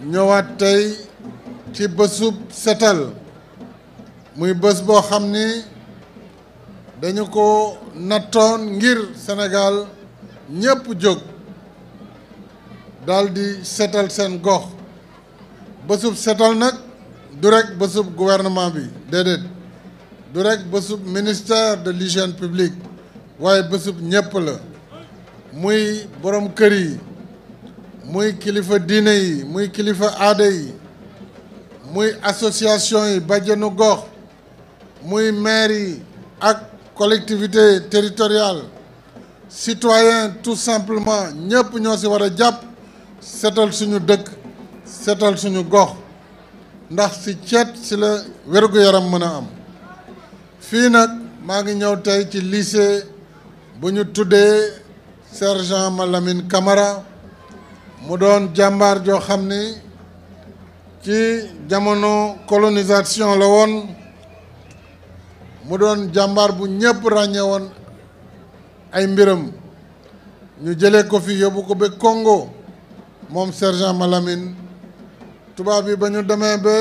ñëwaat tey ci bésub setal muy bés boo xam ni dañu ko nattoon ngir Sénégal ñépp jóg daldi setal seen gox bésub setal nag du rekk bésub gouvernement bi déedéet du rekk bésub ministère de l'hygiène publique waaye bésub ñépp la muy boroom kër yi muy kilifa diine yi muy kilifa aada yi muy association yi bajjanu gox muy maire yi ak collectivité territoriale citoyen tout simplement ñëpp ñoo ci war a jàpp setal suñu dëkk setal suñu gox ndax ci ceet ci la wérgu-yaram mën a am fii nag maa ngi ñëw tey ci lycée bu ñu tuddee sergent Malamine Camara mu doon jàmbaar joo xam ni ci jamono colonisation la woon mu doon jàmbaar bu ñëpp ràññee woon ay mbiram ñu jëlee ko fi yóbbu ko ba Congo moom sergent Malamine tubaab yi ba ñu demee ba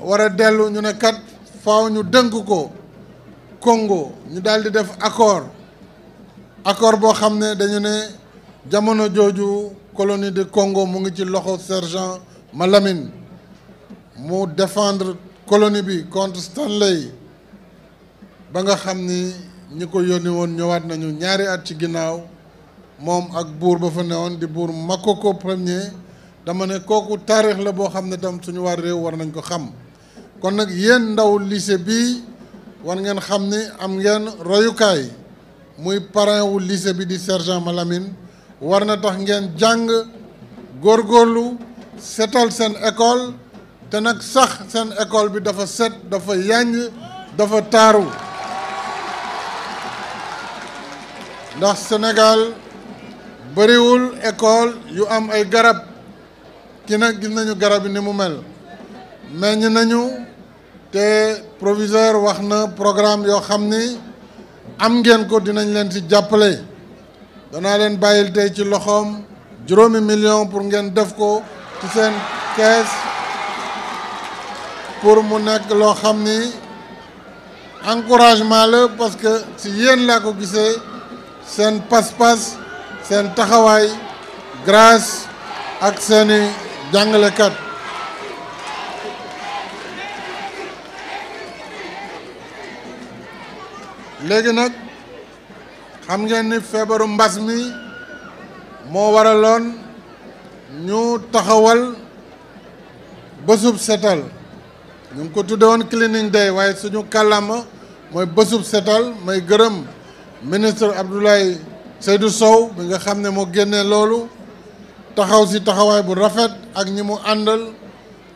war a dellu ñu ne kat faaw ñu dënk ko Congo ñu daal def accord accord boo xam ne dañu ne jamono jooju colonie de Congo mu ngi ci loxo sergent Malamine mu defendre colonie bi contre Stanley ba nga xam ni ñi ko yónni woon ñëwaat nañu ñaari at ci ginnaaw moom ak buur ba fa newoon di buur Makoko premier dama ne kooku taarix la boo xam ne tam suñu waa réew war nañ ko xam kon nag yéen ndaw lycée bi war ngeen xam ni am ngeen royukaay muy parrain wu lycée bi di sergent Malamine war na tax ngeen jàng góorgóorlu setal seen école te nag sax seen école bi dafa set dafa yànj dafa taaru ndax Sénégal bëriwul école yu am ay garab ki nag gis nañu garab yi ni mu mel meññ nañu te proviseur wax na programme yoo xam ni am ngeen ko dinañ leen ci jàppale dana leen bàyyil tey ci loxoom juróomi million pour ngeen def ko ci seen caisse pour mu nekk loo xam ni encouragement la parce que si yéen laa ko gisee seen pas-pas seen taxawaay grâce ak seeni jàngalekat léegi nag xam ngeen ni feebaru mbas mi moo waraloon ñu taxawal bësub setal ñu ngi ko tudde woon cleaning day waaye suñu kàllaama mooy bësub setal may gërëm ministre Abdoulaye Seydou Sow bi nga xam ne moo génnee loolu taxaw si taxawaay bu rafet ak ñi mu àndal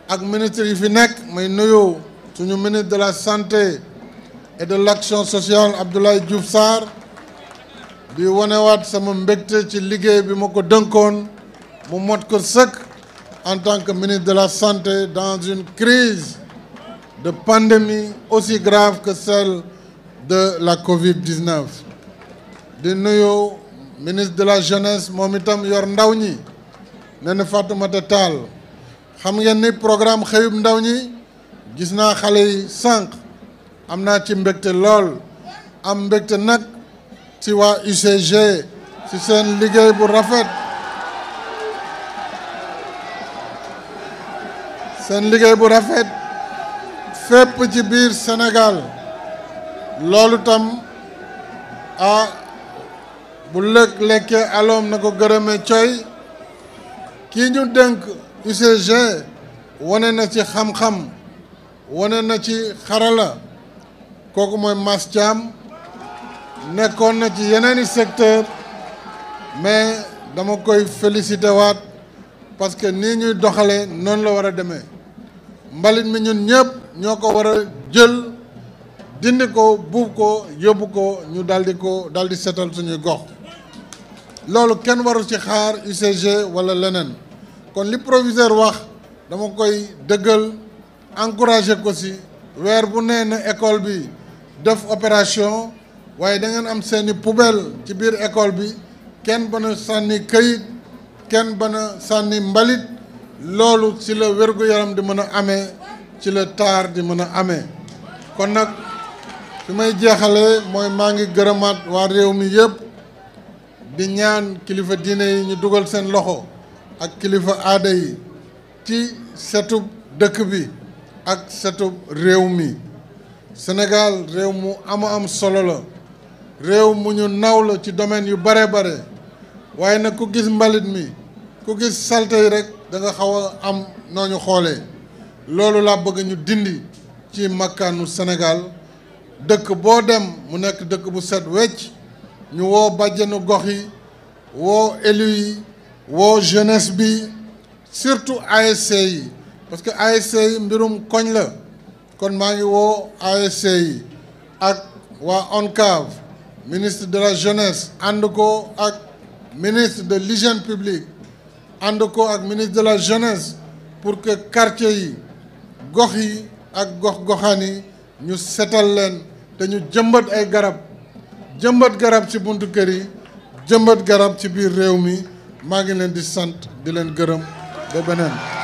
ak ministre yi fi nekk may nuyu suñu ministre de la santé et de l'action sociale Abdoulaye Diouf Sarr di wanewaat sama mbégte ci liggéey bi ma ko dënkoon mu mot ko sëkk en tant que ministre de la santé dans une crise de pandémie aussi grave que celle de la Covid-19 di nuyu ministre de la jeunesse moom itam yor ndaw ñi ne na Fatoumata Tall xam ngeen ni programme xëyub ndaw ñi gis naa xale yi sànq am naa ci mbégte lool am mbégte nag ci waa UCG ci seen liggéey bu rafet seen liggéey bu rafet fépp ci biir Sénégal loolu tam ah bu lëg lekkee aloom na ko gërëmee coy kii ñu dénk UCG wane na ci xam-xam wane na ci xarala kooku mooy Mass Thiam nekkoon na ci yeneen yeneeni secteur mais dama koy félicité waat parce que nii ñuy doxalee noonu la war a demee mbalit mi ñun ñëpp ñoo ko war a jël dindi ko buub ko yóbbu ko ñu daldi ko daldi setal suñuy gox loolu kenn warul ci xaar UCG walla leneen kon li proviseur wax dama koy dëggal encourager ko si weer bu nee na école bi def opération waaye dangeen am seeni poubelle ci biir ekool bi kenn ba sànni këyit kenn ba na sànni mbalit loolu ci la wér yaram di mën a ame ci la taar di mën a ame kon nag su may jeexalee mooy maa ngi gërëmaat waa réew mi yépp di ñaan kilifa diine yi ñu dugal seen loxo ak kilifa aada yi ci setub dëkk bi ak setub réew mi senegal réew mu ama am solo la réew mu ñu naw la ci domaine yu bare bare waaye nag ku gis mbalit mi ku gis salte yi rek danga nga xaw a am noo ñu xoolee loolu laa bëgg ñu dindi ci makkaanu senegal dëkk boo dem mu nekk dëkk bu set wecc ñu woo bàjjenu gox yi woo élu yi woo jeunesse bi surtout ASC yi parce que ASC yi mbirum koñ la kon maa ngi woo ASC yi ak waa ONCAV ministre de la jeunesse ànd ko ak ministre de l'hygiène publique ànd ko ak ministre de la jeunesse pour que quartier yi gox yi ak gox-goxaan yi ñu setal leen te ñu jëmbat ay garab jëmbat garab ci buntu kër yi jëmbat garab ci biir réew mi maa ngi leen di sant di leen gërëm ba beneen